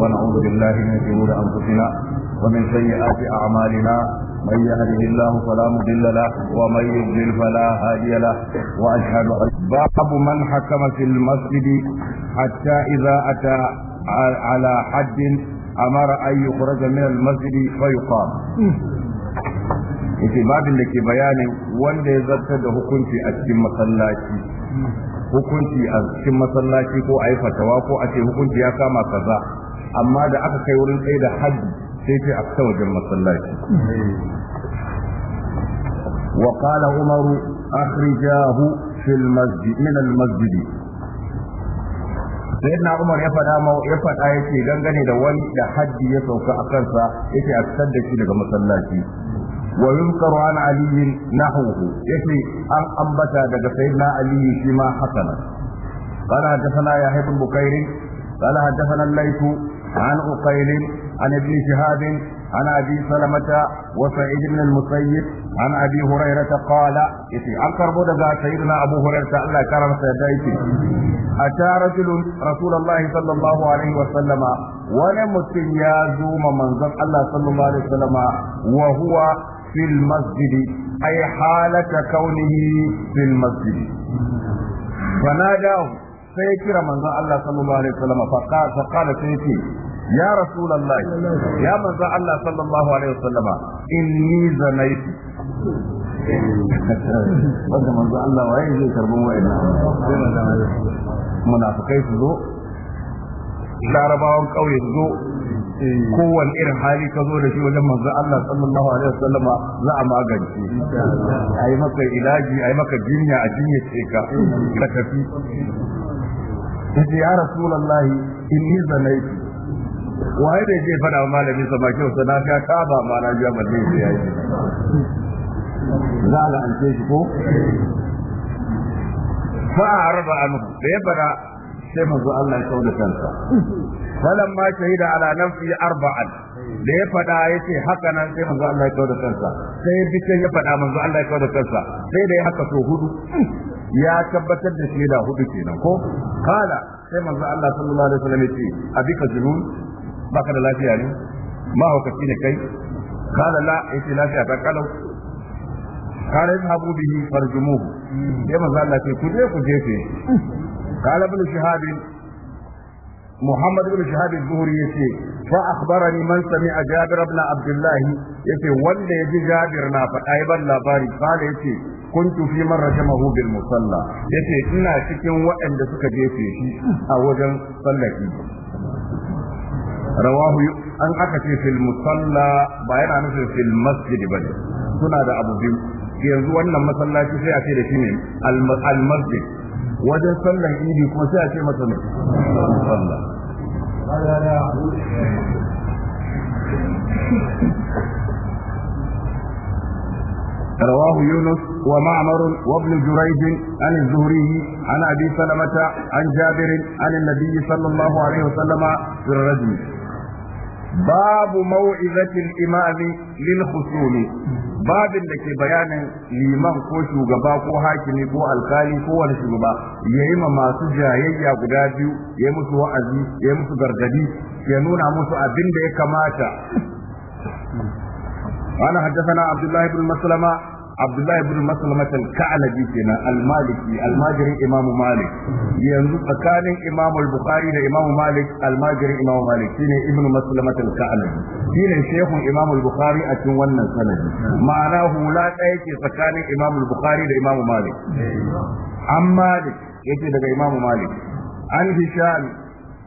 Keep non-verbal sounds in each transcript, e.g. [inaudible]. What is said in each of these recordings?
ونعوذ بالله من شرور أنفسنا ومن سيئات أعمالنا من يهده الله فلا مضل له ومن يضلل فلا هادي له وأشهد أن باب من حكم في المسجد حتى إذا أتى على حد أمر أن يخرج من المسجد فيقام yake babin da ke bayanin wanda ya zartar da hukunci a cikin masallaci hukunci a cikin masallaci ko a yi fatawa ko a ce hukunci ya kama kaza amma da aka kai wurin tsaye da haddi sai ce a fita wajen masallaci wa umaru akhrijahu fil masjid min al masjid umar ya faɗa ya fada yake dangane da wani da haddi ya sauka a kansa yake a fitar da shi daga masallaci ويذكر عن علي نحوه يكي أن أنبتا دك سيدنا علي فيما حسنا قال حدثنا يحيى بن بكير قال حدثنا الليث عن عقيل عن ابن شهاب عن ابي سلمة وسعيد بن المسيب عن ابي هريرة قال يتي عن كربو سيدنا ابو هريرة الله كرم سيدايتي اتى رجل رسول الله صلى الله عليه وسلم ونمت يا زوم منزل الله صلى الله عليه وسلم وهو في المسجد اي حالة كونه في المسجد فناداه sai ya kira manzon Allah sallallahu alaihi wasallam fa qala sai ce ya rasulullahi ya manzon Allah sallallahu alaihi wasallam inni zanaitu wanda manzo Allah waye zai karbin wa'annan munafikai su zo larabawan kauye su zo kowane irin hali ka zo da shi wajen manzo Allah sallallahu alaihi wasallam za a magance a yi maka ilaji ayi maka jinya a jinyace ka ka tafi yace ya rasulullahi inni zanaitu waye da yake fada malamin sa bakin sa na ga ka ba ma na ji ba dai yayi za la an ce ko fa araba an da ya fada sai manzo Allah ya kawo kansa kansa ma shahida ala nafsi arba'an da ya fada ya ce haka nan sai manzo Allah ya kawo kansa sai bikin ya faɗa manzo Allah ya kawo kansa sai da ya haka so hudu ya tabbatar da shaida hudu kenan ko kala sai manzo Allah sallallahu alaihi wasallam yace abika junun baka da lafiya ne ma hukaci ne kai kala la yace lafiya ta kalau kala yadhabu bihi farjumuhu sai manzo Allah yace ku je ku jefe kala ibn shihab محمد بن شهاب الزهري يتي فأخبرني من سمع جابر بن عبد الله يتي ولا يجي جابر نافع أيضا لا باري قال يتي kuntu fi man rajamahu bil musalla yace ina cikin waɗanda suka jefe shi a wajen sallaki rawahu an aka ce fil musalla ba yana nufin fil masjid bane suna da abu biyu yanzu wannan masallaci sai a ce da shi ne al masjid wajen sallan idi kuma sai a ce masa ne musalla رواه Yunus wa وابن جريج عن الزهري عن ابي سلمه عن جابر عن النبي صلى الله عليه وسلم في الرجم باب موعظة الإمام للخصوم باب da ke bayanin liman ko shugaba ko hakimi ko alkali ko wani shugaba ya yi ma masu jayayya guda biyu ya musu wa'azi ya musu gargadi ya nuna musu abin da ya kamata قال حدثنا عبد الله بن مسلمة عبد الله بن مسلمة الكعلبي كنا المالكي الماجري إمام مالك ينزو كان إمام البخاري إمام مالك الماجري إمام مالك كنا ابن مسلمة الكعلبي كنا شيخ إمام البخاري أتوانا سند معناه لا تأتي فكان إمام البخاري إمام مالك عن مالك يجي لك إمام مالك عن هشام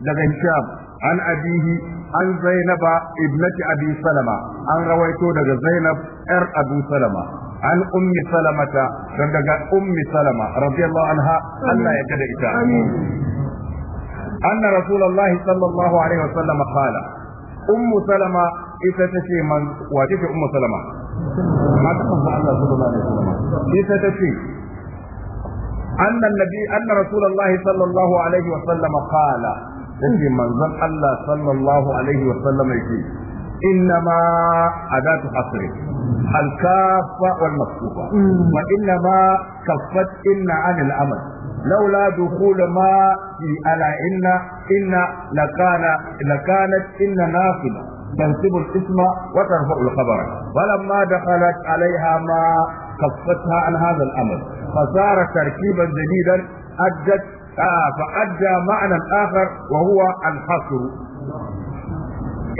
لك هشام عن أبيه an zainaba ibnati abi an rawaito daga zainab yar abu salama an ummi salamata dan daga ummi salama radiyallahu anha Allah ya kada ita anna rasulullahi sallallahu alaihi wasallam qala ummu salama ita tace man wace ce ummu salama mata Allah sallallahu alaihi wasallam ita tace anna annabi anna rasulullahi sallallahu alaihi wasallam qala sai manzon Allah صلى الله عليه وسلم يقول إنما أداة حصر الكافة والمكتوبة وإنما كفت إن عن الأمر لولا دخول ما في ألا إن إن لكان لكانت إن نافلة تنسب الاسم وترفع الخبر فلما دخلت عليها ما كفتها عن هذا الأمر فصار تركيبا جديدا أدت فأدى معنى آخر وهو الحصر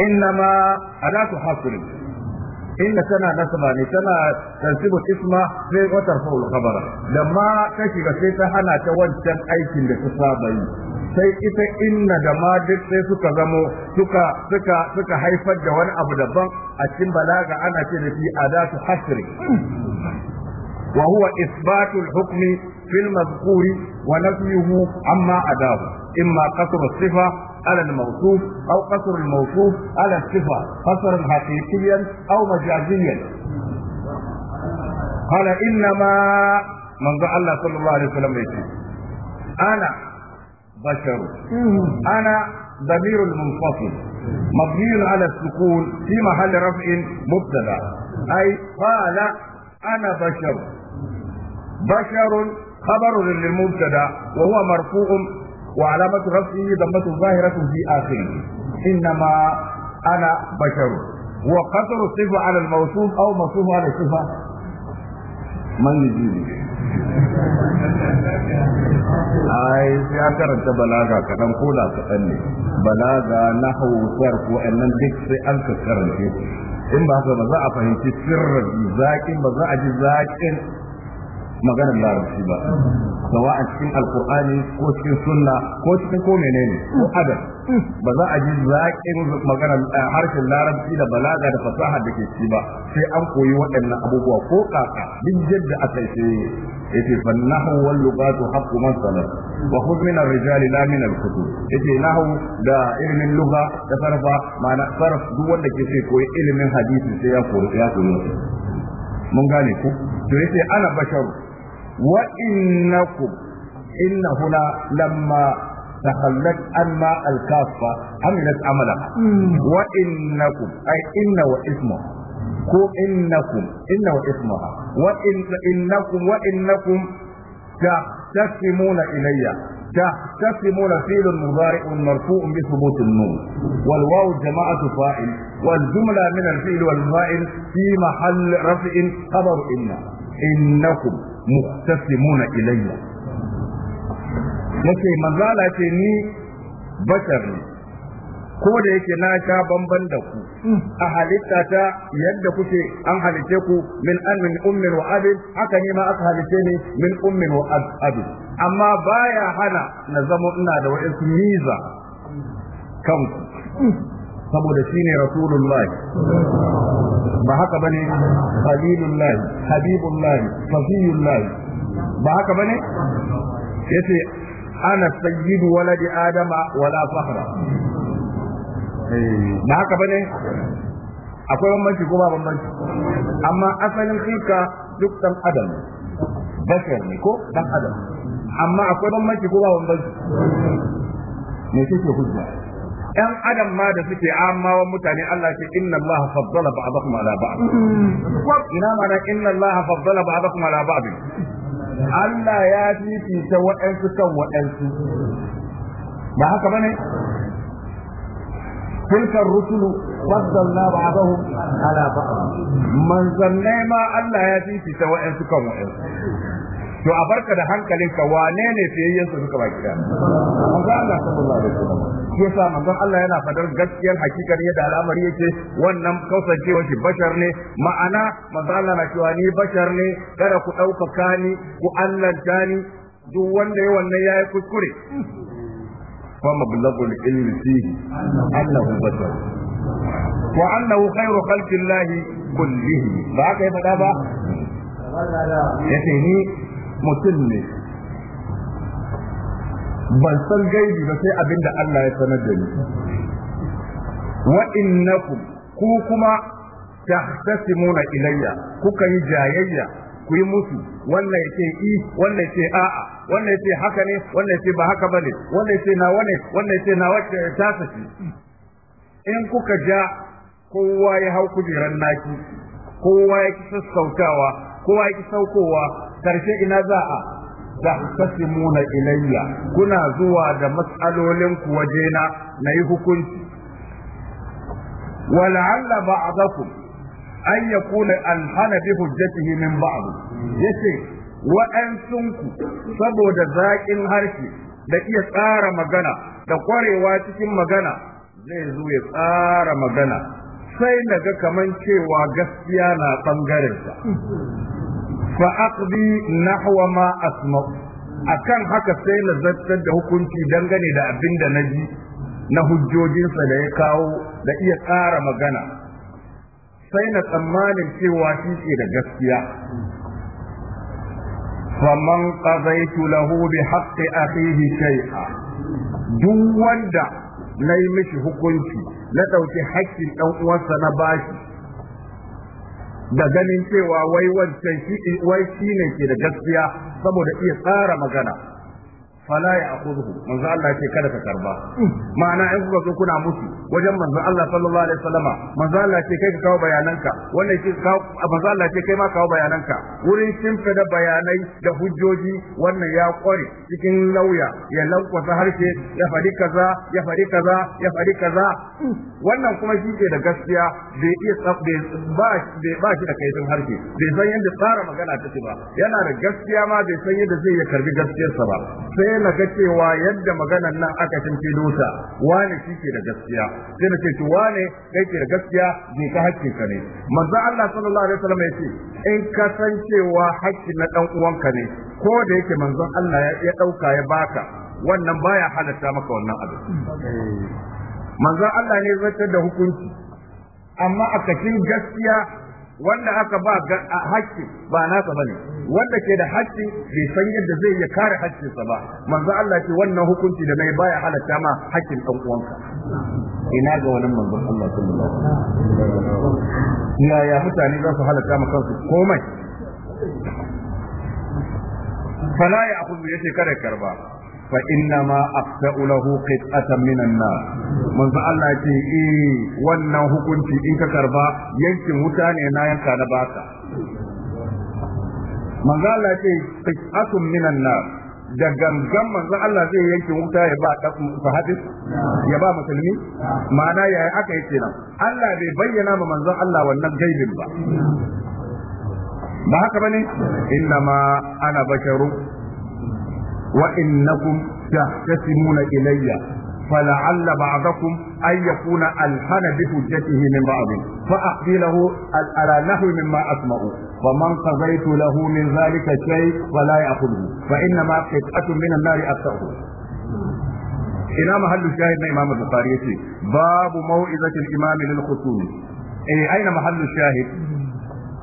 إنما أداة حصر إن سنة نسبة سنة تنسب الاسم في وترفع الخبر لما تشغل سيسا هنا توجد أيكين لتصابين sai ita inna da ma duk sai suka zamo suka suka suka haifar da wani abu daban a cikin balaga ana ce da fi adatu hasri wa huwa isbatul hukmi في المذكور ونفيه عما أداه إما قصر الصفة على الموصوف أو قصر الموصوف على الصفة قصرا حقيقيا أو مجازيا قال إنما من الله صلى الله عليه وسلم يقول أنا بشر أنا ضمير المنفصل مبني على السكون في محل رفع مبتدا أي قال أنا بشر بشر خبر للمبتدا وهو مرفوع وعلامة رفعه ضمة ظاهرة في آخره إنما أنا بشر وقدر الصفة على الموصوف أو موصوف على الصفة من يجيني ai ya karanta balaga kaɗan ko da kaɗan ne balaga na hausar ko nan duk sai an ka karance in ba haka ba za a fahimci sirrin ba za a ji zaƙin maganar larabci ba sawa a cikin alkur'ani ko cikin sunna ko cikin ko menene ko Adam, ba za a ji zaƙin maganar eh, harshen larabci da balaga da fasaha da ke ci ba sai an koyi waɗannan abubuwa ko kaka duk yadda aka yi sai ce fa nahu wal lughatu haqqu man salat wa khudh min ar-rijali la min al-kutub yace nahwu da ilmin lugha da sarfa ma'ana sarf duk wanda ke sai koyi ilmin hadisi sai ya koyi ya koyi mun gane ku to yace ana basharu وإنكم إن هنا لما تخلت الماء الكافة عملت عملها وإنكم أي إن وإسمه ko إنكم إن وإسمها وإن إنكم وإنكم wa innakum تحتسمون فيل مضارع مرفوع بثبوت النون والواو جماعة فاعل والجملة من الفيل والفاعل في محل رفع خبر إن إنكم muhtasimuna ilayya yace manzala ce ni bashar ne ko da yake na sha bamban da ku a halitta ta yadda kuke an halice ku min an min ummin wa abin haka ne ma aka halice ni min ummin wa abin amma baya hana na zama ina da waɗansu miza kanku saboda ne rasulullahi ba haka bane khalilullah habibullahi faziyullah ba haka bane yace ana sayyidu waladi adama wala fahra eh, ba haka bane akwai bambanci ko ba bambanci amma asalin kika duk dan adam bashar ne ko dan adam amma akwai bambanci ko ba bambanci me kake hujja ɗan adam ma da suke amawan mutane Allah ce inna Allah faddala ba'dakum ala ba'd ina mana inna Allah faddala ba'dakum ala ba'd Allah ya fifita waɗansu kan waɗansu ba haka bane تلك الرسل فضلنا بعضهم على بعض من ظننا ما الله يأتي في سواء kan waɗansu. to a barka da ka wane ne fiyayyen su suka baki daya manzo Allah sallallahu alaihi wasallam sa manzo Allah yana fadar gaskiyar hakikar yadda al'amari yake wannan kausancewa shi bashar ne ma'ana manzo Allah na cewa ni bashar ne kada ku dauka ni ku allanta ni duk wanda ya wannan yayi kuskure kuma bulagul ilmi fihi annahu bashar wa annahu khairu khalqillahi kullihi ba ka yi fada ba yace ni mutum ne ban san gaibi ba sai abin da Allah ya sanar da ni wa innakum ku kuma tahtasimuna ilayya kuka yi jayayya ku yi musu wannan yace i wannan yace a'a wannan yace haka ne wannan yace ba haka bane wannan yace nawa ne wannan yace nawa ce ta tafi in kuka ja kowa ya hau kujeran naki kowa ya ki sassautawa kowa ya ki saukowa karshe ina za a tahtasimuna ilayya kuna zuwa da matsalolin ku waje na yi hukunci wala'alla ba'dakum an yakuna alhana bi hujjatihi min ba'd yace ku saboda zaƙin harshe da iya tsara magana da kwarewa cikin magana zai zo ya tsara magana sai naga ga kaman cewa gaskiya na sa fa aqdi nahwa ma asma'u akan haka sai na zartar da hukunci dangane da abin da naji na hujjojinsa da ya kawo da iya tsara magana sai na tsammanin cewa shi ke da gaskiya faman qadaitu lahu bi haqqi akhihi shay'a duk wanda na yi mishi hukunci na ɗauki haƙƙin ɗan uwansa na bashi da ganin cewa wai wancan shi wai shi ne ke da gaskiya saboda iya tsara magana fala ya akhudhu manzo Allah ce kada ka karba ma'ana in kuka so kuna mutu. wajen manzo Allah sallallahu alaihi wasallama manzo Allah ce kai ka kawo bayananka wannan shi manzo Allah ce kai ma kawo bayananka wurin shimfida bayanai da hujjoji wannan ya kware cikin lauya ya lankwasa harshe ya fadi kaza ya fadi kaza ya fadi kaza wannan kuma shi ke da gaskiya bai iya tsabbe ba ba shi da kaifin harshe bai san yadda tsara magana take ba yana da gaskiya ma bai san yadda zai ya karbi gaskiyarsa ba sai sai na ga cewa yadda maganan nan aka cinci dosa wane shi ke da gaskiya sai na ce to wane kai ke da gaskiya je ka hakki ka ne manzo Allah sallallahu alaihi wasallam ya ce in ka san cewa hakkin na dan uwanka ne ko da yake manzon Allah ya dauka ya baka wannan baya halatta maka wannan abu eh. manzo Allah ne zai da hukunci amma a cikin gaskiya wanda aka ba ga hakki ba nasa bane wanda ke da hakki bai san yadda zai ya kare hakkinsa ba manzo Allah ce wannan hukunci da mai baya halatta ma hakkin dan uwanka ina ga wannan manzo Allah sallallahu alaihi wasallam yaya mutane za su halatta ma kansu komai fala ya akhudhu yace kada karba fa inna ma aqta'u lahu qit'atan minan nar manzo Allah ya eh wannan hukunci in ka karba yankin wuta ne na yanka na baka manzo minan da gangan manzo Allah zai yankin wuta ya ba sahabi ya ba musulmi ma'ana yaya aka yi kenan Allah bai bayyana ma manzo Allah wannan gaibin ba ba haka bane inna ma ana basharu وإنكم تحتسمون إلي فلعل بعضكم أن يكون ألحن بحجته من بعض فأقضي له على مما أسمع ومن قضيت له من ذلك شيء فلا يأخذه فإنما قطعة من النار أكثره إلى محل الشاهد من إمام البخاري باب موعظة الإمام للخصوم أي أين محل الشاهد؟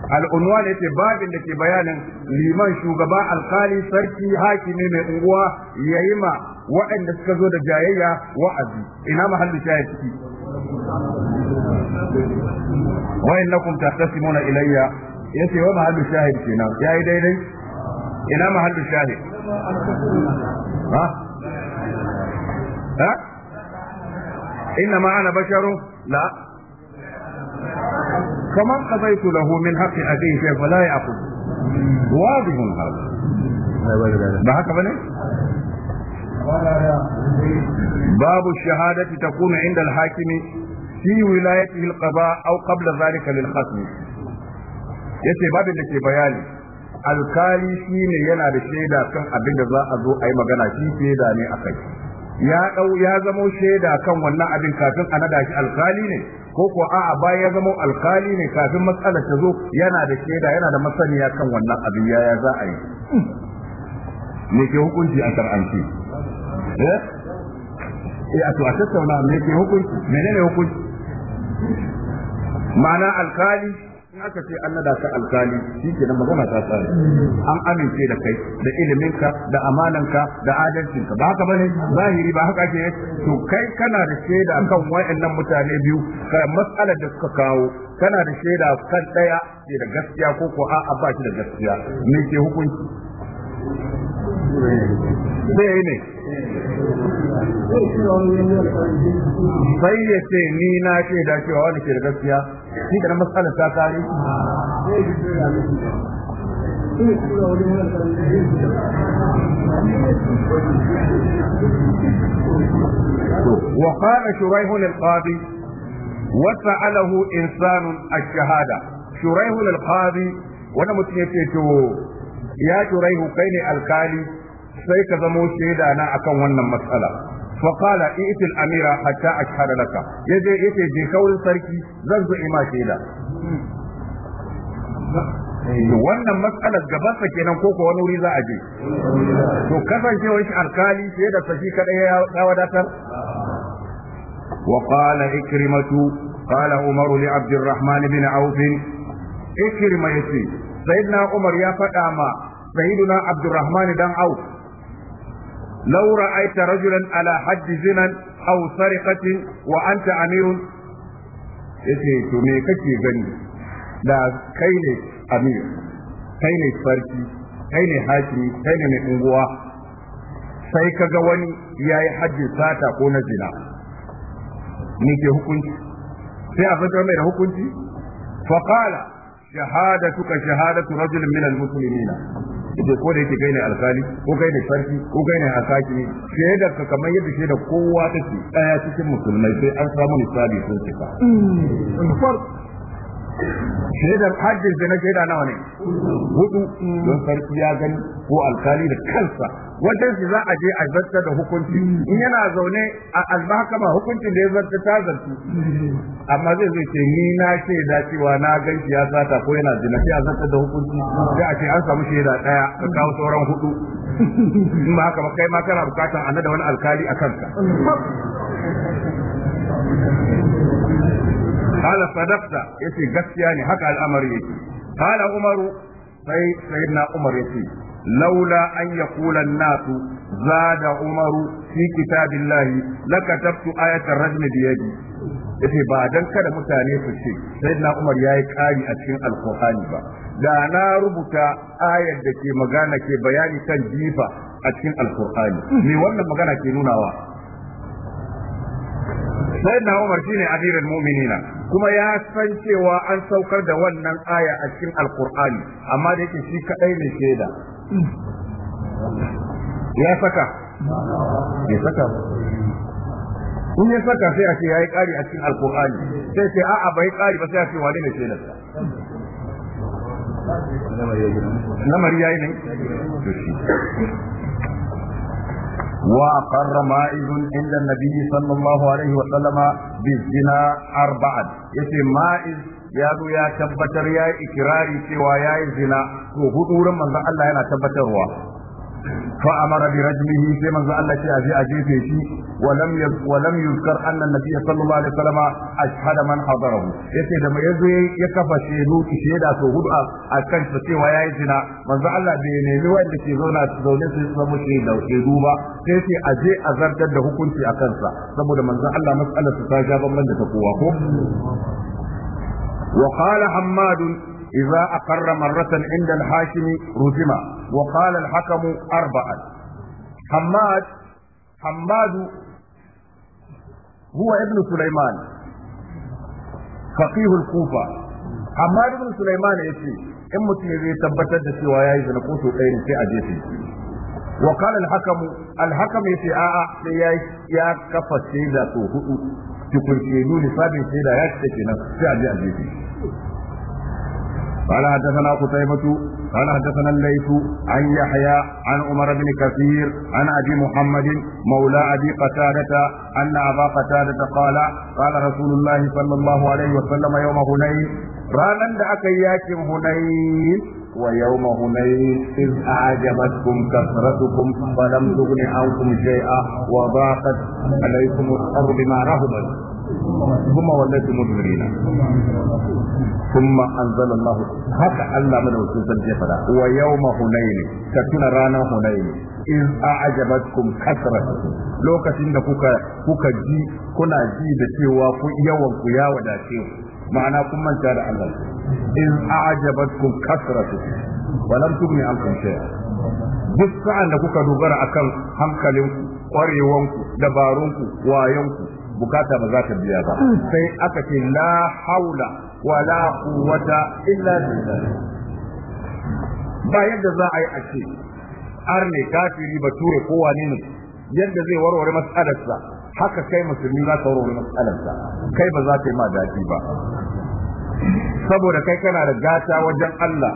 al’unuwan ya ce babin da ke bayanin liman shugaba alkali sarki hakimi mai unguwa ya yi ma waɗanda suka zo da jayayya wa’azi ina mahallu shayar ciki wayan na kumta ta simona ilayya ya ce wa mahallu shahid kenan ya yi daidai ina mahallu shayi? ha ha inna ma ana basharu la كما قضيت له من حق أبيه شيء فلا يأخذ واضح هذا بحق بني باب الشهادة تكون عند الحاكم في ولايته القضاء أو قبل ذلك للخصم yace babin da ke bayani alkali shi ne yana da shaida kan abin da za a zo a yi magana shi shaida ne a kai ya zamo shaida kan wannan abin kafin a nada shi alkali ne ko ko a'a bayan ya zama alkali ne kafin matsalar ta zo yana da shaida yana da masaniya kan wannan abin yaya za a yi me ke hukunci a shar'anci eh? eh a to a tattauna me ke hukunci menene hukunci ma'ana alkali aka ce an nada ka alkali shi nan magana ta tsare an amince da kai da iliminka da amananka da adalcinka ba haka bane zahiri ba haka ke to kai kana da shaida kan wayannan mutane biyu ka matsalar da suka kawo kana da shaida kan daya ke da gaskiya ko ko a'a ba shi da gaskiya me ke hukunci ne sai ya ce ni na ce da cewa wani ke da gaskiya ni da matsalar ta kare وقال شريح للقاضي وسأله إنسان الشهادة شريح للقاضي وانا يا شريح كين الكالي sai ka zamo shaida na akan wannan matsala faƙala itil amira hatta a laka ya je ita je kawai sarki zan zo ima da. wannan matsalar gaban sa kenan ko wani wuri za a je to kasancewar shi alkali sai da sashi kada ya dawo datar wa qala ikrimatu qala umaru li abdurrahman bin auf ikrimati sayyidina umar ya fada ma sayyidina rahman dan auf Laura رأيت رجلا على حد زنا أو سرقة وأنت أمير yace to me kake gani da kai ne amir kai ne sarki kai ne hakimi kai ne mai unguwa sai kaga wani ya yi hajji sata ko na zina ni ke hukunci sai a fitar mai da hukunci faqala shahadatuka shahadatu rajulin minal muslimina yace ko da yake kai ne alkali ko kai ne sarki ko kai ne hakaki shaidar ka kamar yadda shaidar kowa take daya cikin musulmai sai an samu misali sun cika mm. shaidar hajjin da na shaida nawa ne hudu don sarki ya gani ko alkali da kansa wajen shi za a je a zarta da hukunci in yana zaune a almahakama hukuncin da ya zarta ta zarta. amma zai zai ce ni na shaida cewa na gan shi ya sata ko yana zina sai a zarta da hukunci sai a ce an samu shaida daya ka kawo sauran hudu in ba haka ba kai ma kana bukatar a da wani alkali a kanka قال صدقت يتي غسياني هكا الامر يتي قال عمر سي سيدنا عمر يتي لولا ان يقول الناس زاد عمر في كتاب الله لكتبت آية الرجم بيدي yace ba dan kada mutane su ce sayyidina Umar yayi kari a cikin alkur'ani ba da na rubuta ayar da ke magana ke bayani kan jifa a cikin alkur'ani me wannan magana ke nunawa sayyidina Umar shine amirul mu'minina kuma ya san cewa an saukar da wannan aya a cikin alkur'ani amma da yake shi kadai ne shaida ya saka ya saka in ya saka sai a ce ya yi ƙari a cikin alkur'ani sai ce a'a bai ƙari ba sai a ce wani ne shaidarsa Namari ya yi ne وأقر مائز عند النبي صلى الله عليه وسلم بالزنا أربعا يتي مائز ya zo ya tabbatar ya yi ikirari cewa ya yi zina to hudurin manzon Allah yana tabbatarwa fa amara bi rajmihi kai manzo Allah ya ji a jefe shi wa lam ya wa lam yuzkar anna nabiyyi sallallahu alaihi wasallama ashhadu man da mai yazo ya kafa shedu sheda to hudu'a a kan ta cewa yayi jina manzo Allah bai nemi wanda ke zauna su zauna su da shedu ba sai sai a je a zartar da hukunci a kansa saboda manzo Allah masallatu ta ga ban da ta kowa ko wa qala hamad إذا أقر مرة عند الحاكم رجم وقال الحكم أربعة حماد حماد هو ابن سليمان فقيه الكوفة حماد بن سليمان يتي in mutum zai tabbatar da cewa ya yi zina ko sau ɗaya sai a jefe wa kala alhakamu alhakam ya ce a'a sai ya kafa shaida sau hudu tukun shaidu lissafin shaida ya ce قال حدثنا قتيبة قال حدثنا الليث عن يحيى عن عمر بن كثير عن أبي محمد مولى أبي قتادة أن أبا قتادة قال قال رسول الله صلى الله عليه وسلم يوم هنين ranar da aka yi yakin hunayn wa yawma hunayn iz a'jabatkum kasratukum falam tughni ankum shay'a wa daqat alaykum al-ardu bima rahabat ثم وليتم مدبرين ثم أنزل الله حتى الله من وسوس الجفرة ويوم هنين تكون رانا هنين إذ أعجبتكم كثرة لو كتن كوكا كوكا جي كنا جي دتيوا يوم كيا وداتيو معنا كم من شاء الله إذ أعجبتكم كثرة ولم تغني عنكم شيئا duk sa'an da kuka dogara akan hankalinku, ƙwarewanku, dabarunku, wayonku, bukata ba za ta biya ba sai aka ce la haula wala quwwata illa billah ba yadda za a yi a ce arne kafiri bature ko wane ne yadda zai warware matsalarsa haka kai musulmi za ka warware matsalarsa kai ba za ka yi ma daɗi ba saboda kai kana da gata wajen Allah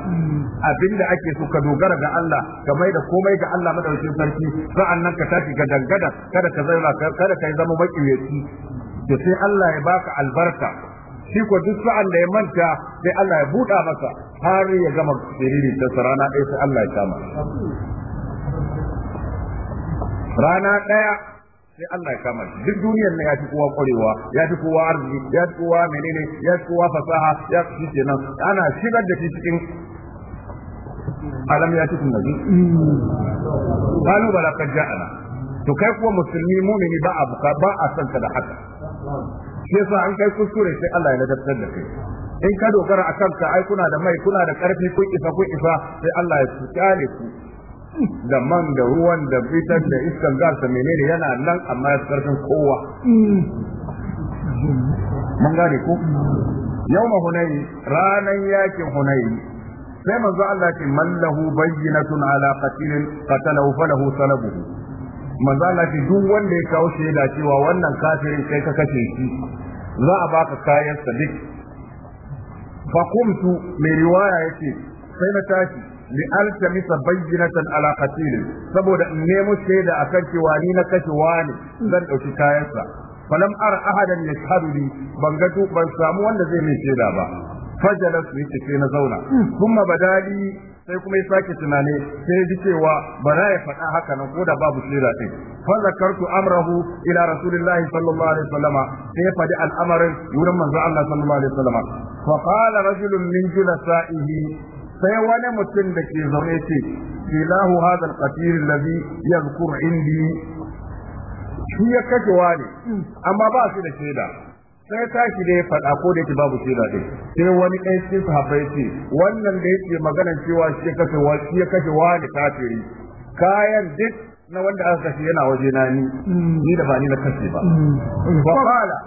abinda ake so ka dogara ga Allah ka mai da komai ga Allah madaukakin sarki sa'annan ka tafi ga dangada kada ka zauna kada ka zama makiyaci da sai Allah ya baka albarka shi ko duk sa'an da ya manta sai Allah ya buɗa masa har ya gama siriri ta rana ɗaya sai Allah ya kama rana ɗaya sai Allah ya kama duk duniyar nan ya fi kowa kwarewa ya fi kowa arziki ya fi kowa menene ya fi kowa fasaha ya fi kenan ana shigar da shi cikin alam ya cikin nabi kalu bala kad ja'ana to kai kuwa musulmi mumini ba a buka ba a san ka da haka shi yasa an kai kuskure sai Allah ya ladabtar da kai in ka dogara akan ka ai kuna da mai kuna da karfi kun isa kun isa sai Allah ya tsare ku da man da ruwan da fitar da iskan su menene yana nan amma ya karfin kowa mun gane ko ma hunayi ranan yakin hunayi sai manzo Allah ce mallahu bayyinatun ala qatilin qatalahu falahu salabuhu manzo Allah ce duk wanda ya kawo da cewa wannan kafirin kai ka kace shi za a baka kayan sadiq fa qumtu mai riwaya yace sai na tashi li altamisa bayyinatan ala ne saboda in nemo shaida akan cewa ni na kashi wani zan dauki kayansa falam ar ahadan yashhadu li ban ga ban samu wanda zai mai shaida ba su yi ce na zauna kuma badali sai kuma ya sake tunani sai ya ji cewa bara ya faɗa haka nan ko da babu shaida ɗin fa zakartu amrahu ila rasulillahi sallallahu alaihi wasallama sai ya faɗi al'amarin wurin manzo Allah sallallahu alaihi wasallama fa qala rajulun min julasaihi sai wani mutum da ke zaune ce kilahu hadal qatil allazi yadhkur indi shi ya kashe wani amma ba shi da shaida sai tashi da ya faɗa ko da yake babu shaida sai wani ɗaya cikin sahabbai ce wannan da yake magana cewa shi ya kashe wani shi ya wani kafiri kayan duk na wanda aka kashe yana waje na ni ni da ba ni na kashe ba mm. fa qala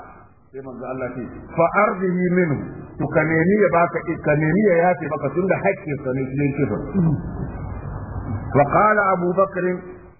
sai manzo Allah ce fa minhu to ka nemi ya baka ka nemi ya yafe maka tunda haƙƙin sa ne cikin kifin wa qala abu bakr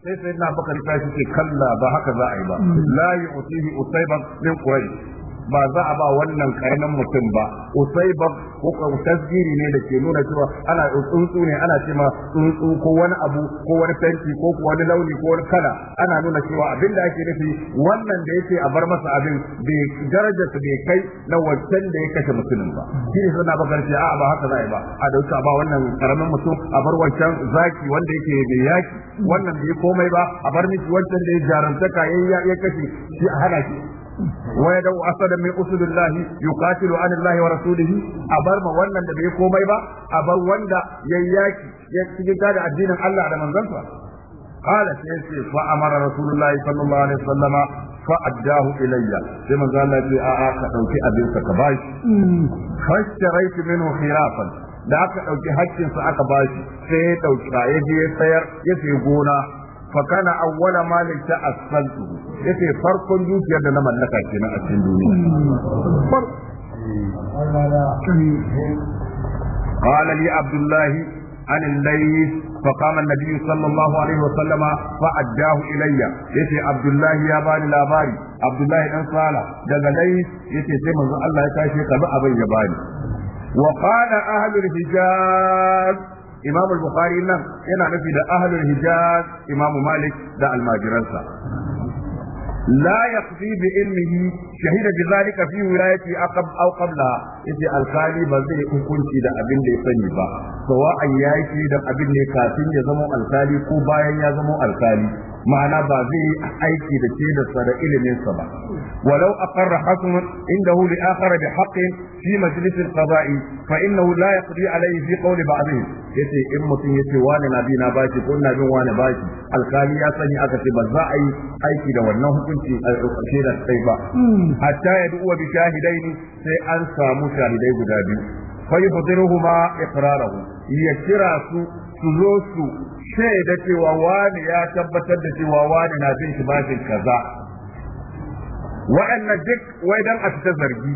sai sai na bakar ta ce kalla ba haka za a yi ba la yu'tihi usayban min quraish ba za a ba wannan karamin mutum ba usaiba ko tasgiri ne da ke nuna cewa ana tsuntsu ne ana cewa tsuntsu ko wani abu ko wani fenti ko wani launi ko wani kala ana nuna cewa abin da ake nufi wannan da yake a bar masa abin bai su bai kai na wancan da ya kashe mutumin ba shi ne suna bakar ce a ba haka za a ba a dauki a ba wannan karamin mutum a bar wancan zaki wanda yake bai yaki wannan bai komai ba a bar miki wancan da ya jarantaka ya kashe shi a hana shi ويدعو أسدا من أسد الله يقاتل عن الله ورسوله أبرم وانا ونن دا بيكو ميبا أبر وندا يياكي يكتب كاد الدين الله على من زنفا قال سيسي فأمر رسول الله صلى الله عليه وسلم فأداه إلي لما قال لي آآك أوكي أبيك كباش فاشتريت منه خرافا da aka ɗauki hakkinsa aka bashi sai ya ɗauki ya fakana awwala malin ta asfaltu yace farkon dukiyar da na mallaka kenan a cikin duniya قال لي عبد الله عن الليث فقام النبي صلى الله عليه وسلم فأداه إلي يتي عبد الله يا بني لا باري عبد الله أن قال دغ ليث يتي زي من الله يتاشي كذا أبي يا بني وقال أهل الحجاز imam al-bukhari nan yana nufi da ahlul hijaz imam malik da almajiransa la yaqdi bi ilmihi shahida bi zalika fi wilayati aqab aw qabla yace alkali ba zai hukunci da abin da ya sani ba sawa an yayi shi da abin ne kafin ya zama alkali ko bayan ya zama alkali ma'ana ba zai aiki da ce da sa da ilimin sa ba walau aqarra hasm indahu li akhar bi haqqin fi majlis al fa innahu la yaqdi alayhi fi qawli ba'dihim yace in mutum yace wani nabi na bashi ko nabi wani bashi alkali ya sani aka ce ba za a yi aiki da wannan hukunci eh, a da sai ba hmm. hatta yad'u bi ne sai an samu shahidai guda biyu fa yufdiruhuma iqrarahu ya kira su su zo su shaida cewa wani ya tabbatar da cewa wani na bin shi bashin kaza wa'annan duk wai dan a fita zargi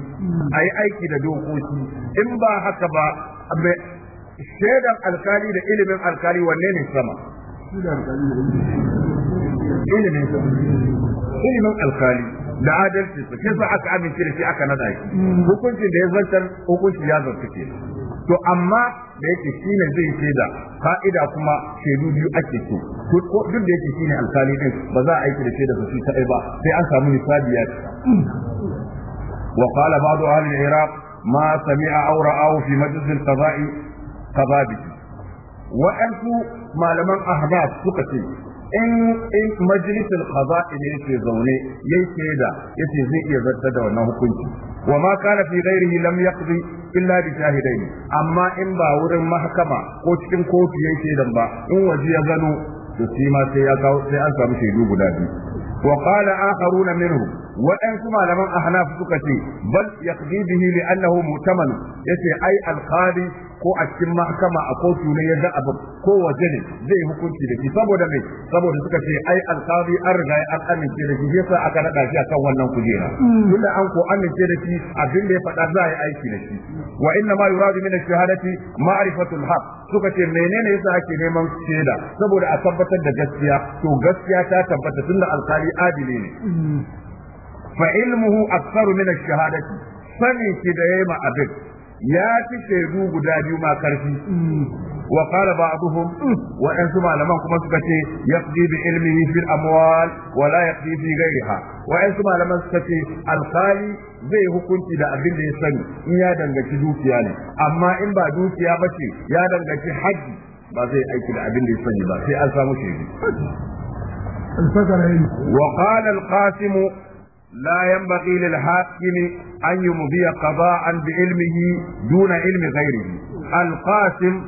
a yi aiki da dokoki in ba haka ba shaidan alkali da ilimin alkali wanne ne sama ilimin alkali da adalci su sai aka amince da shi aka nada shi mm. hukuncin da ya zartar hukunci ya zarta ke to amma da yake shi ne zai shaida fa'ida kuma shaidu biyu ake so duk da yake shi ne alkali din ba za a aiki da shaida su sai ba sai an samu nisabi ya وقال بعض أهل العراق ما سمع أو رآه fi مجلس القضاء قضاء به وأنتم malaman ahnaf suka ce in majalisar qaza'i ne yake zaune yayi shaida yace zai iya zarta da wannan hukunci wa ma kana fi ghairihi lam yaqdi illa bi shahidaini amma in ba wurin mahkama ko cikin kotu yayi shaidan ba in waje ya gano to shi ma sai ya kawo sai an samu shaidu guda biyu wa qala akharuna minhum waɗansu malaman ahnaf suka ce bal yaqdi bihi li annahu mutaman yace ai alqadi ko a cikin mahkama a kotu ne ya ga abu ko waje ne zai hukunci da shi saboda mai saboda suka ce ai alqabi an riga an amince da shi yasa aka nada shi akan wannan kujera mm. tunda an ko amince da shi abin da ya faɗa za a yi aiki da shi wa inna ma yuradu min ash-shahadati ma'rifatul haqq suka ce menene yasa ake neman shaida saboda a tabbatar da gaskiya to gaskiya ta tabbata tunda alqali adili ne mm. fa ilmuhu aktsaru min ash-shahadati sani ki da yayi ma abin ya fi shaidu guda biyu ma karfi wa qala ba'dhum wa an su malaman kuma suka ce yaqdi bi ilmihi fil amwal wa la yaqdi fi ghayriha wa an su malaman suka ce alqali zai hukunci da abin da ya sani in ya dangaci dukiya ne amma in ba dukiya ce ya dangaci haji ba zai aiki da abin da ya sani ba sai an samu shaidu وقال القاسم لا ينبغي للحاكم أن يمضي قضاء بعلمه دون علم غيره القاسم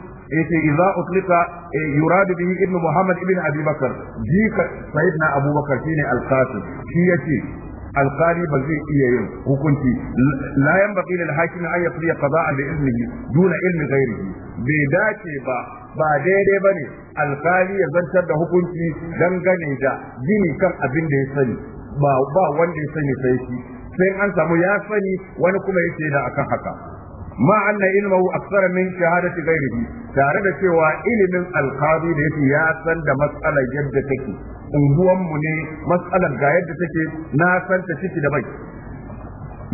إذا أطلق يراد به ابن محمد ابن أبي بكر جيك سيدنا أبو بكر شيني القاسم شيئتي alkali ba zai iya yin hukunci la yan baqi lil hakim an yaqdi qada'an bi ilmihi duna ilmi ghairihi bai dace ba ba daidai bane alkali ya zantar da hukunci dangane da gini kan abin da ya sani ba ba wanda ya sani sai shi sai an samu ya sani wani kuma ya ce da akan haka ma anna ilmahu aksara min shahadati ghairihi tare da cewa ilimin alqadi da yake ya san da matsalar yadda take unguwan mu ne matsalar ga yadda take na san ta ciki da bai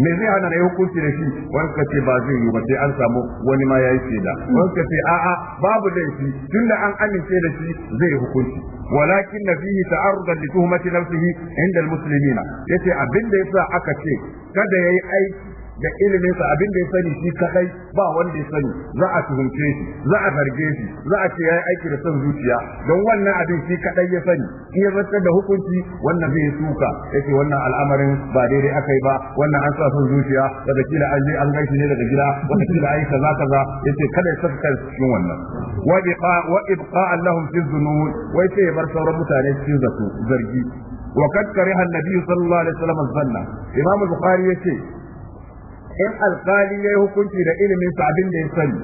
me zai hana yi hukunci da shi wani ka ce ba zai yi ba sai an samu wani ma yayi shaida wani ka ce a'a babu laifi da an amince da shi zai hukunci walakin na fihi ta'arrudan li tuhmati nafsihi inda al-muslimina yace abinda yasa aka ce kada yayi aiki da ilimin sa abin da ya sani shi kadai ba wanda ya sani za a tuhumce shi za a zarge shi za a ce yayi aiki da son zuciya don wannan abin shi kadai ya sani in ya zartar da hukunci wannan zai suka yace wannan al'amarin ba daidai akai ba wannan an sa son zuciya daga kila an je an gaishe ne daga gida wata kila ai kaza kaza yace kada ya saka cikin wannan wa ibqa wa ibqa lahum fi dhunun wa yace bar sauran mutane cikin zargi وقد كره النبي صلى الله عليه وسلم الظن امام البخاري يقول in alkali ya yi hukunci da ilimin sa abin da ya sani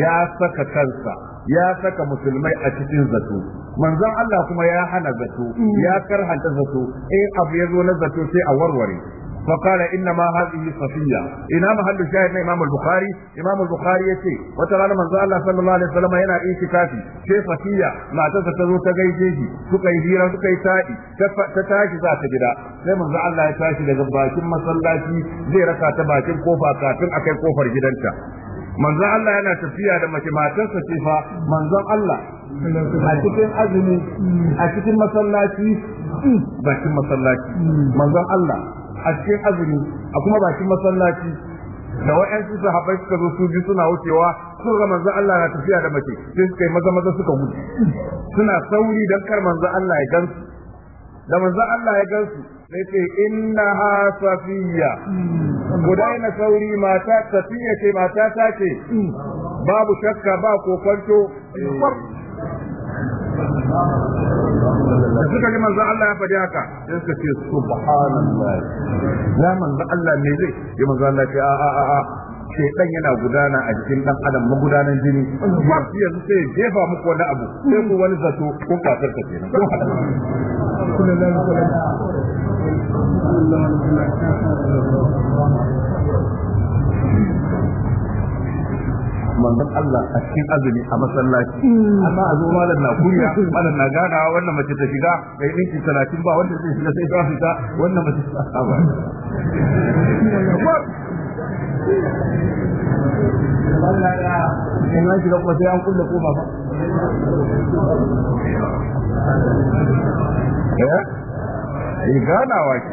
ya saka kansa ya saka musulmai a cikin zato manzon Allah kuma ya hana zato ya karhanta zato in abu ya zo na zato sai a warware فقال انما هذه صفيه ina mahallu shahid na imamul al-bukhari imam al-bukhari wata ranar manzo Allah sallallahu alaihi wasallam yana itikafi sai safiya matarsa ta zo ta gai shi suka yi hira suka yi tadi ta tashi za ta gida sai manzo Allah ya tashi daga bakin masallaci zai rasa ta bakin kofa kafin akai kofar gidanta manzo Allah yana tafiya da mace matarsa ce fa manzo Allah a cikin azumi a cikin masallaci bakin masallaci manzon Allah a cikin azumi a kuma bakin masallaci da wa'yansu sahabbai suka zo su ji suna wucewa sun ga manzo Allah na tafiya da mace sai suka yi maza maza suka gudu suna sauri dan kar manzo Allah ya gansu da manzo Allah ya gansu sai ce innaha safiya ku daina sauri mata safiya ce mata ta ce babu shakka ba ko kwanto eh. da suka ji manzo Allah ya faɗi haka sai suka ce subhanallah la manzo Allah me zai sai maza Allah ce a a a dan yana gudana a jikin dan adam magudanan jini wasu yanzu sai jefa muku wani abu sai ku wani zato ko kafir ka kenan manzon Allah a cikin azumi a masallaci amma a zo malam na malam na wannan mace ta shiga kai ɗinki talatin ba wanda zai shiga sai ta fita wannan mace ta saba kuma sai an kulle ba. Eh? Ganawa ke.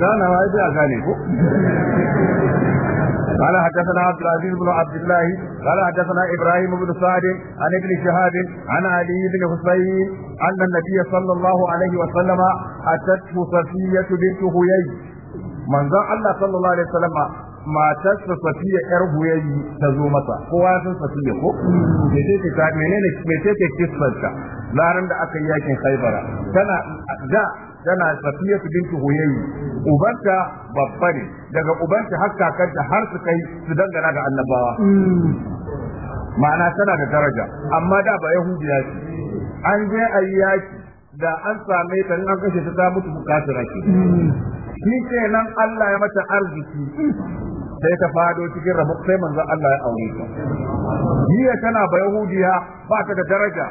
ganawa ya a gane ko قال حدثنا عبد العزيز بن عبد الله قال حدثنا ابراهيم بن سعد عن ابن شهاب عن علي بن حسين ان النبي صلى الله عليه وسلم اتته صفيه بنت هيي من ذا الله صلى الله عليه وسلم safiya yar huyayi ta zo masa kowa ya safiya ko me ce ta menene me ce ke kisfarta laran da aka yi yakin khaybara tana da tana safiya ubanta babba ne daga ubanta har kakanta har su kai su dangana ga annabawa hmm. ma'ana tana da daraja amma da ba yahudiya ce an je a yaki da an same ta in an kashe ta ta mutu bukatar ake hmm. shi nan Allah ya mata arziki sai ta fado cikin rabu sai manzo Allah ya aure ta jiya tana ba yahudiya ba ta da daraja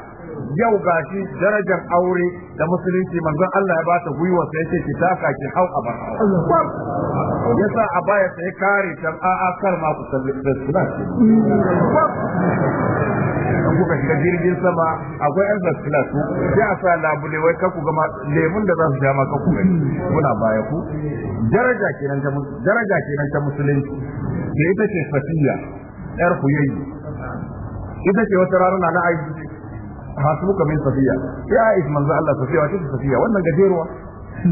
yau gashi darajar aure da musulunci manzon Allah ya bata gwiwa sai ce ki taka ki hau a bar yasa a baya sai kare tan a a kar ma ku sallu da sunan an kuka shiga jirgin sama akwai yan first class ya a sa labule wai kanku gama lemun da za su sha ma gani muna baya ku daraja kenan ta daraja kenan ta musulunci da ita ce fatiya yar kuyayi ita ce wata rana na aiki hasbuka min safiya ya aish manzo Allah safiya wace safiya wannan gajeruwa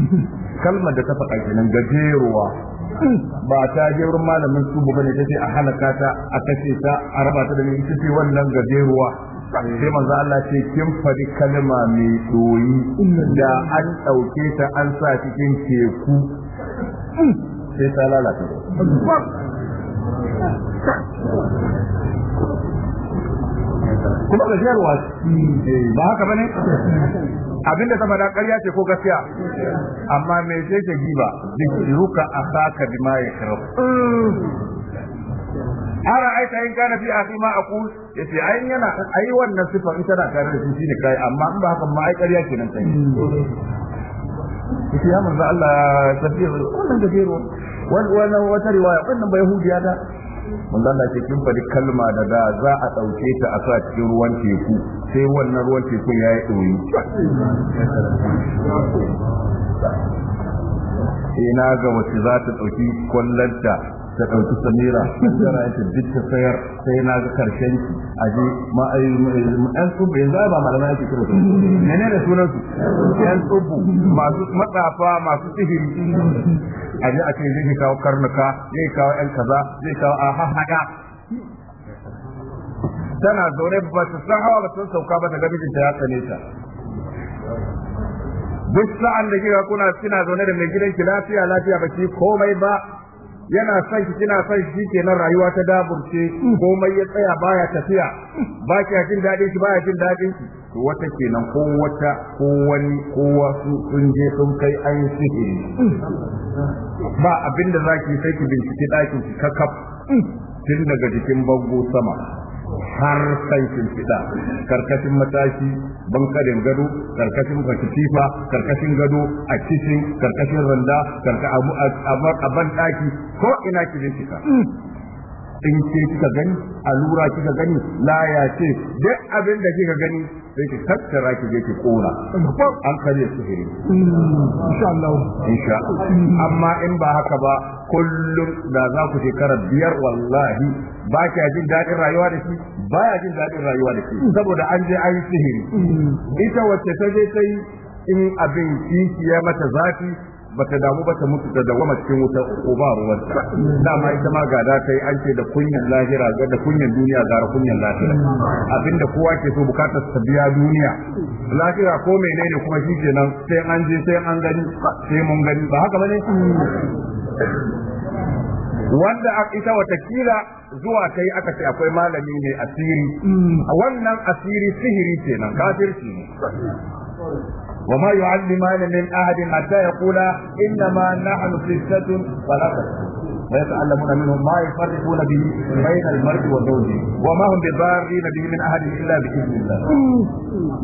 [laughs] kalmar da ta faɗa kenan gajeruwa [clears throat] ba ta je wurin malamin su ba ne tace a halaka ta a kace ta a raba ta da ni tace wannan gajeruwa sai manzo Allah ce kin fadi kalma mai doyi da an dauke ta an sa cikin teku [clears throat] sai ta lalata [clears throat] kuma gajiyarwa ba haka bane abin da sama da ƙarya ce ko gaskiya amma me ce ce giba zikiruka ma ya karo ara aita in kana fi akhi ma aqul yace ai yana ai wannan sifa in tana tare da shi ne kai amma in ba haka ma ai ƙarya kenan sai yace ya manzo Allah tafiya wannan gajero wannan wata riwaya wannan ba ya da manzo Allah ce kin fadi kalma da da za a ɗauke ta a sa cikin ruwan teku sai wannan ruwan tekun ya yi ɗoyi ina ga wacce za ta ɗauki kwallonta ta ɗauki samira samira ya ce duk ta sayar sai na ga karshen ki a je ma'ayyar tsubu yanzu ba malamai ake kira su ne da sunan su yan tsubu masu matsafa masu sihiri a je a ce zai kawo karnuka zai kawo yan kaza zai kawo a hada. tana zaune ba ta san hawa ba ta sauka ba ta ga mijinta ya tsane ta duk sa'an da kika kuna kina zaune da mai gidanki lafiya lafiya ba ki komai ba yana son shi, kina son shi kenan rayuwa ta daburce komai ya tsaya baya tafiya ba ki jin dadin shi baya jin dadin shi. to wata kenan ko wata ko wani ko wasu sun je sun kai an sihiri ba abinda zaki sai ki binciki ɗakin ki kakaf tun daga jikin bango sama har kan shimfiɗa karkashin mataki bankaren gado karkashin katifa karkashin gado a cikin karkashin randa karka a ban daki ko ina ki shika in ce kika gani allura kika gani laya ce duk abin da kika gani sai ki tattara ki je ki kona an karya sihiri insha Allah insha amma in ba haka ba kullum da za ku shekara biyar wallahi ba kya jin daɗin rayuwa da shi ba ya jin daɗin rayuwa da shi saboda an je an yi sihiri ita wacce ta je ta yi in abin kishi ya mata zafi bata damu ba ta mutu da dawama cikin wuta ko ba ruwanta dama ita ma gada ta yi an ce da kunyan lahira ga da kunyan duniya da kunyan lahira abinda kowa ke so bukatar ta biya duniya lahira ko menene kuma shi kenan sai an je sai an gani sai mun gani ba haka bane wanda ita watakila zuwa kai aka ce akwai malami ne asiri wannan asiri sihiri kenan kafirci ne وما يعلمان من أحد حتى يقولا إنما نحن ستة فلا ويتعلمون منهم ما يفرقون به بين المرء وزوجه وما هم بضارين به من أحد إلا بإذن الله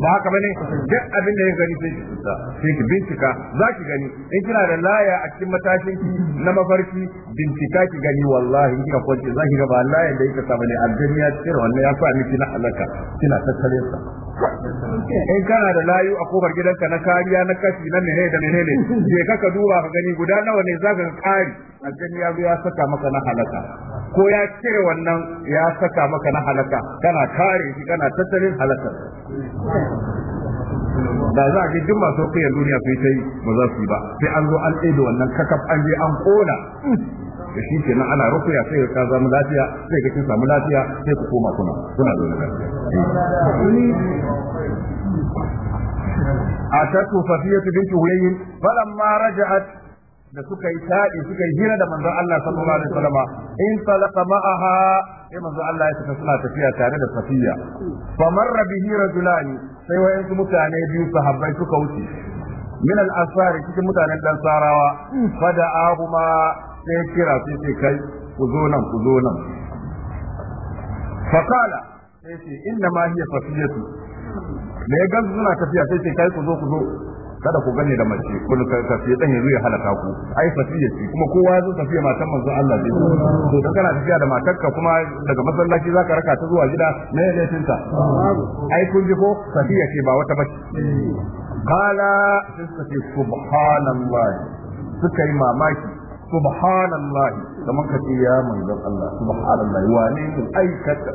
ba haka bane duk abin da ya gani sai ki bincika za ki gani in kina da laya a cikin matashin ki na mafarki bincika ki gani wallahi in kika kwance za ki ga ba layan da yake a bane aljanna ya tsira wannan kina tattalin sa in kana da layu a kofar gidanka na kariya na kashi na mene da mene ne je ka duba ka gani guda nawa ne zaka ka kari gani ya zo ya saka maka na halaka ko ya cire wannan ya saka maka na halaka kana kare shi kana tattalin halakar da za a ji masu kiyar duniya sai ta yi ba za su yi ba sai an zo an ɗaya da wannan kakaf an je an ƙona. da shi kenan ana rukuya sai ka zama lafiya sai ka samu lafiya sai ku koma kuna kuna zaune lafiya A أتته صفية بنت هليل فلما رجعت da suka yi taɗi suka yi hira da manzon Allah sallallahu alaihi wasallam in talaqa ma'aha sai manzon Allah ya tafi suna tafiya tare da Safiya fa marra bihi rajulani sai wayansu mutane biyu sahabbai suka wuce min al-asfar cikin mutanen dan sarawa fada'ahuma sai kira sai ce kai ku zo nan ku zo nan fakala sai ce inna ma hiya fasiyatu da ya zuna suna tafiya sai ce kai ku zo ku zo kada ku gane da mace kun tafiye dan yanzu ya halaka ku ai fasiya ce kuma kowa ya zo tafiya matan manzon Allah ne to dan kana tafiya da matarka kuma daga masallaci zaka raka ta zuwa gida me ne tinta ai kun ji ko fasiya ce ba wata bace kala sai ce subhanallah suka yi mamaki subhanallah kamar ka ce ya manzon Allah subhanallah wane ne aikata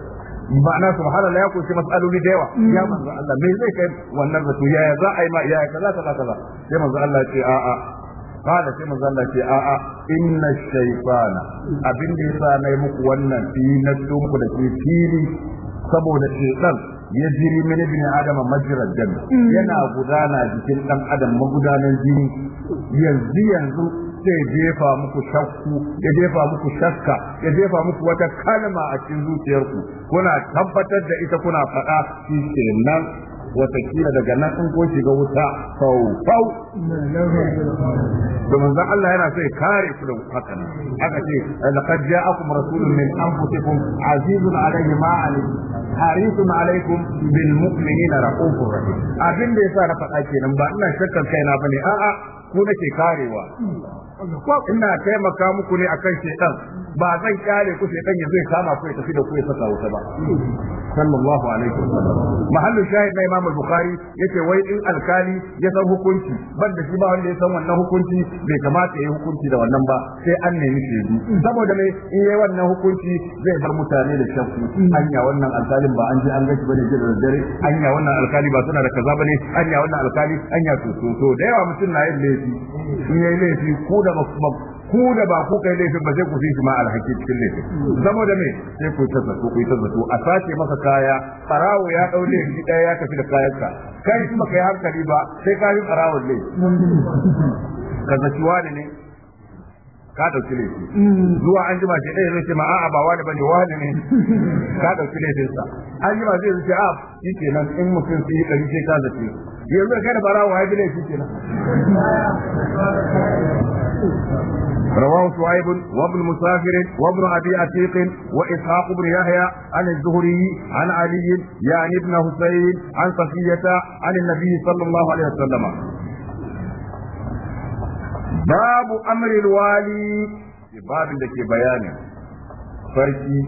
ma'ana subhanallah ya kunshi da yawa ya mm. Allah me zai kai wannan zato ya za a yi ma ya kaza kaza kaza sai Allah ce kada sai Allah ce inna shaytana abin da yasa nayi muku wannan fi na ku da ke fili saboda shaytan ya jiri min ibn adam janna mm. yana gudana jikin dan adam magudanan jini yanzu yanzu zai jefa muku shakku ya jefa muku shakka ya jefa muku wata kalma a cikin zuciyarku kuna tabbatar da ita kuna faɗa shi kenan watakila daga nan in ko shiga wuta fau fau da manzon Allah yana sai kare ku da hakan Haka ce laqad ja'akum rasulun min anfusikum azizun alayhi ma alaykum harisun alaykum bil mu'minina raufur rahim abin da yasa na faɗa kenan ba ina shakkar kaina bane a'a ku nake karewa ina taimaka muku ne akan shedan ba zan kyale ku shedan ya zai kama ku ya tafi da ku ya saka wuta ba sallallahu alaihi wasallam mahallu shahid na imam bukhari yace wai in alkali ya san hukunci ban da shi ba wanda ya san wannan hukunci bai kamata ya yi hukunci da wannan ba sai an nemi shaidu saboda mai in yayi wannan hukunci zai bar mutane da shakku anya wannan alkalin ba an ji an gashi bane da dare anya wannan alkali ba suna da kaza bane anya wannan alkali anya to to da yawa mutum na yin laifi in yayi laifi ko da ku da ba ku kai laifin ba sai ku fi shi ma alhaki cikin laifin da me sai ku ta zato ku ta zato a sace maka kaya farawo ya dau shi daya ya tafi da kayanka kai kuma ya hankali ba sai ka yi farawo ne ka zaci wani ne ka dauki laifin. zuwa an jima ce ɗaya zai ce ma a'a ba wani bane wani ne ka dauki laifin sa an jima zai ce a shi nan in mutum sai yi ɗari sai ka zace yanzu kai da farawo ya bi ke nan رواه شعيب وابن مسافر وابن ابي عتيق واسحاق بن يحيى عن الزهري عن علي يعني ابن حسين عن صفية عن النبي صلى الله عليه وسلم باب امر الوالي باب لك بيان فرشي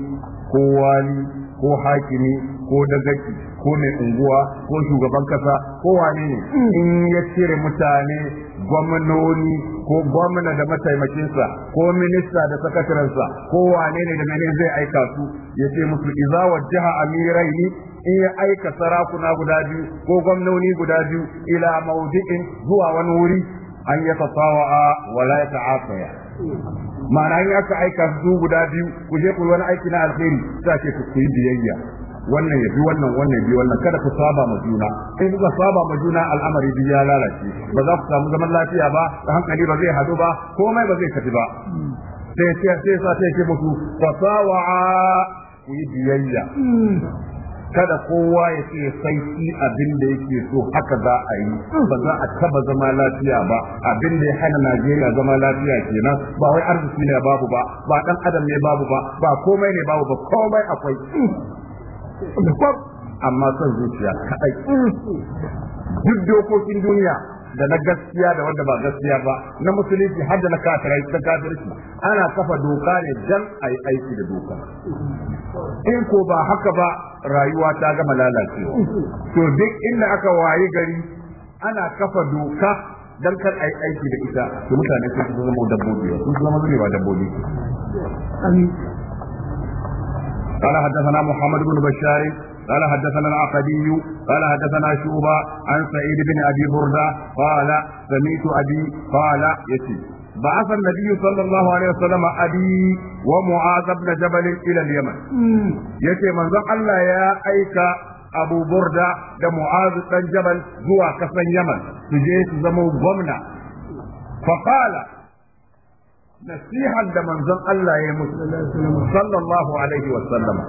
هو والي هو حاكمي ko dagaki ko من unguwa ko shugaban kasa ko wane ان يتشير متاني gwamnoni ko gwamna da mataimakinsa ko minista da sakatarensa ko wane ne da mene zai aika su ya ce musu iza wajjaha amiraini in ya aika sarakuna guda biyu ko gwamnoni guda biyu ila maudi'in zuwa wani wuri an ya tasawa wala ya ta'asaya ma'ana in aka aika su guda biyu ku je ku wani aiki na alheri sai ke ku yi biyayya wannan ya bi wannan wannan bi wannan kada ku saba ma juna in kuka saba ma juna al'amari bi ya lalace ba za ku samu zaman lafiya ba hankali ba zai hadu ba komai ba zai tafi ba sai sai sai sai ke mutu fasawa ku yi biyayya kada kowa ya ce sai shi abin da yake so haka za a yi ba za a taba zama lafiya ba abin da ya hana Najeriya zama lafiya kenan ba wai arziki ne babu ba ba dan adam ne babu ba ba komai ne babu ba komai akwai amma son zuciya kaɗai duk dokokin duniya da na gaskiya da wanda ba gaskiya ba na musulunci har da na kafirai da kafirci ana kafa doka ne dan a yi aiki da doka in ko ba haka ba rayuwa ta gama lalacewa to duk inda aka waye gari ana kafa doka dan kar a yi aiki da ita to mutane sun zama dabbobi sun zama ba dabbobi قال حدثنا محمد بن بشار قال حدثنا العقدي قال حدثنا شوبة عن سعيد بن أبي بردة قال سميت أبي قال يتي بعث النبي صلى الله عليه وسلم أبي ومعاذ بن جبل إلى اليمن يتي من الله يا أيك abu burda da mu'azu dan jabal zuwa kasan yaman su je su zama gwamna faqala nasihan da manzon Allah ya mutu sallallahu alaihi wa sallama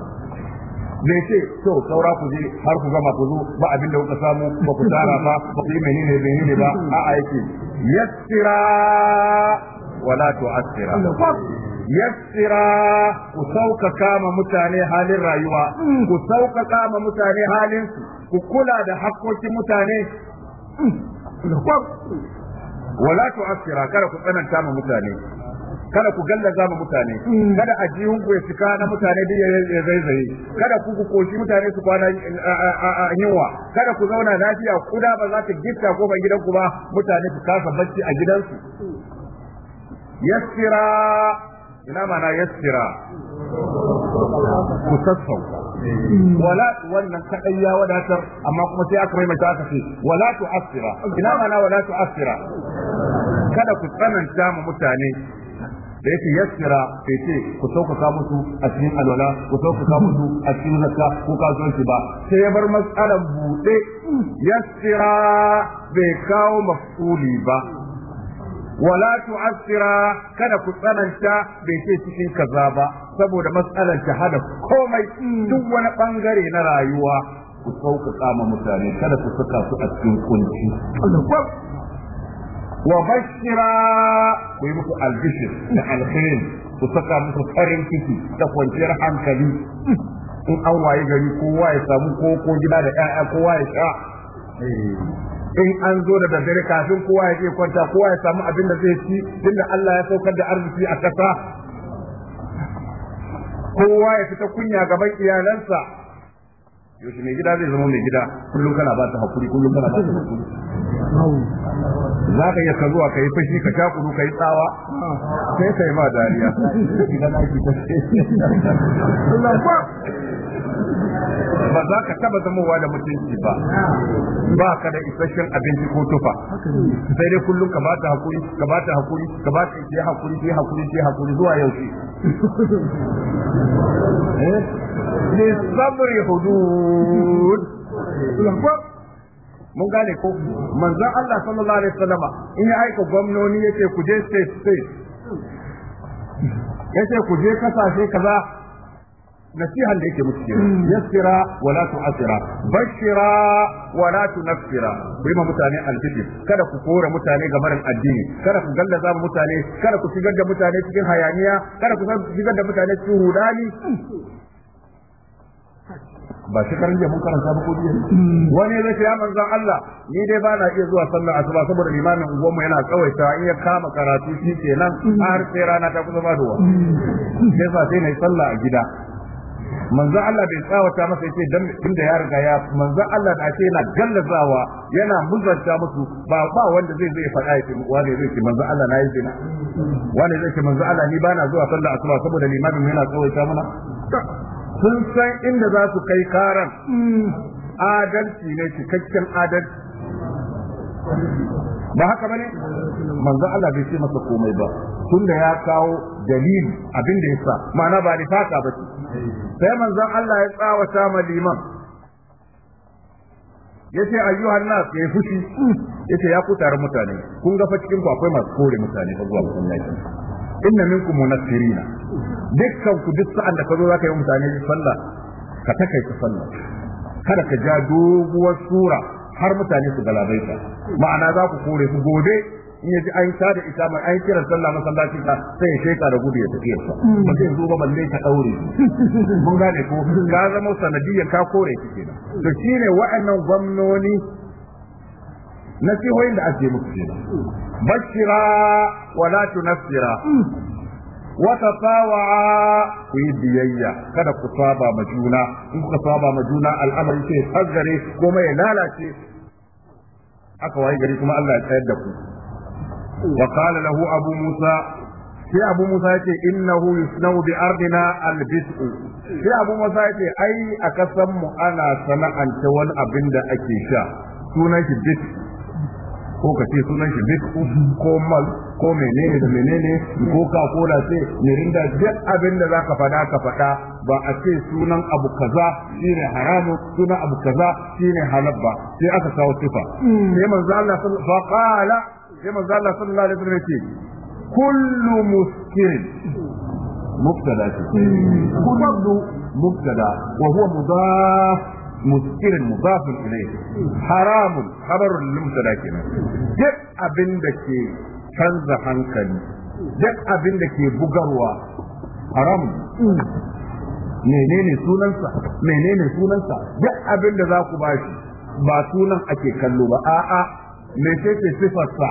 bai ce to saura ku je har ku gama ku zo ba abin da kuka samu ba ku tara ba ba ku yi ne menene ba a aiki yassira wala tu'assira yassira ku sauka kama mutane halin rayuwa ku sauka kama mutane halin ku kula da hakkokin mutane wala tu'assira kada ku tsananta ma mutane kada ku gallaza ma mutane mm. kada a ji hunku ya cika na mutane duk ya zaizaye kada ku koshi mutane su kwana a yunwa kada ku zauna lafiya kuda ba za ta gifta gidan gidanku ba mutane su kasa bacci a gidansu yassira ina mana yassira ku sassauta mm. wala wannan kadai ya wadatar amma kuma sai aka mai mata aka wala tu'assira ina mana wala tu'assira kada ku tsananta mu mutane da yake yaskira bai ce ku sauƙaƙa musu a cikin alwala ku sauƙaƙa musu a cikin zakka ko kasuwanci ba sai ya bar matsalar buɗe yaskira bai kawo mafuli ba wala tu'assira kada ku tsananta bai ce cikin kaza ba saboda matsalar hada komai duk wani bangare na rayuwa ku sauƙaƙa ma mutane kada ku saka su a cikin kunci musu وبشرا ويمكو البشر الخير saka musu farin kiki ta kwanciyar hankali in an waye gari kowa ya samu koko gida da 'ya'ya kowa ya sha in an zo da daddare kafin kowa ya je kwanta kowa samu abin da zai ci tunda Allah ya saukar da arziki a ƙasa kowa ya fita kunya gaban iyalansa yaushe mai gida zai zama mai gida kullum kana ba ta hakuri kullum kana ba ta hakuri za ka iya ka zuwa ka yi fashi ka shakuru ka yi tsawa sai ka yi ma dariya ba za ka taba zamowa da mutunci ba ba ka da isasshen abinci ko tufa sai dai kullum ka bata hakuri ka bata hakuri ka bata ke hakuri ke hakuri ke hakuri zuwa yaushe ne eh? sabri hudud mun gane ko manzon Allah sallallahu alaihi wasallama in ya aika gwamnoni yace ku je state state yace ku je kasashe kaza nasihan da yake musu ke hmm. yassira wa la tu'sira bashira wa la tunaffira ku ma mutane aljibi kada ku kora mutane ga marin addini kada ku galla gallaza mutane kada ku shigar da mutane cikin hayaniya kada ku shigar da mutane cikin hudani. ba shi karin mun karanta ba ko biyu wani zai ya manzon Allah ni dai ba na iya zuwa sallar asuba saboda limamin uwan mu yana tsawaita in ya kama karatu shi kenan har sai rana ta kusa faduwa sai fa sai na yi sallah a gida manzo Allah bai tsawata masa yace dan tunda ya riga ya manzo Allah da ce yana gallazawa yana muzanta musu ba ba wanda zai zai faɗa yace wani zai ce manzo Allah na yi na? wani zai ce manzo Allah ni ba na zuwa sallar asuba saboda limamin yana tsawaita mana sun san inda za su kai karan hmm. adalci ne cikakken adalci ba haka bane manzo Allah bai ce masa komai ba tunda ya kawo dalili abin da yasa ma'ana ba fata ba sai manzo Allah ya tsawa ta liman yace ayyuhan nas ya fushi yace ya kutar mutane kun ga fa cikin ku akwai masu kore mutane ba zuwa masallaci inna minkum munaffirina dukkan ku duk sa'an da ka zo ka yi mutane sallah ka su sallah kada ka ja doguwar sura har mutane su ka ma'ana za ku kore su gobe in yaji an sa da ita mai an kira sallah masallaci ka sai ya sheka da gudu ya tafi yasa ba zai zo ba balle ka daure mun gane ko ka zama sanadiyan ka kore ki kenan to shine wa'annan gwamnoni nasihoyin da ake muku kenan bashira wala tunasira وتطاوعا ku yi biyayya kada ku saba ma juna in kuka saba ma juna al'amari sai hazzare ko mai lalace aka waye gari kuma Allah ya tsayar da ku wa qala lahu abu musa sai abu musa yace innahu yusnau bi ardina albisu sai abu musa yace ai a kasan mu ana sana'ance wani abin da ake sha sunan shi bisu ko ka ce sunan shi bitu ko mal ko menene da menene ko ka kola ce mirinda duk abin da zaka fada ka fada ba a ce sunan abu kaza shine haramu sunan abu kaza shine halal ba sai aka kawo sifa hmm. sai manzo Allah sallallahu alaihi sai manzo Allah sallallahu alaihi wasallam ce kullu muskirin mubtada ce hmm. kullu mubtada wa huwa mudaf muskirin مضاف ilayhi haramun خبر limsada kenan duk abin da ke canza hankali duk abin da ke bugarwa haramun menene sunansa menene sunansa duk abin da za ku bashi ba sunan ake kallo ba a'a me ce sifarsa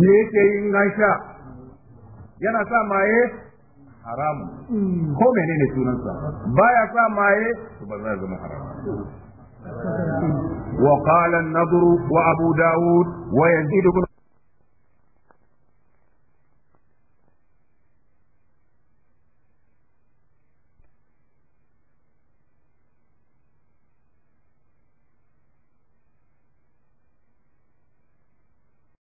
me yake yin gasha yana sa maye haramu mm. ko menene sunansa baya sa maye ba za zama haramu وقال النضر وأبو داود ويزيد بن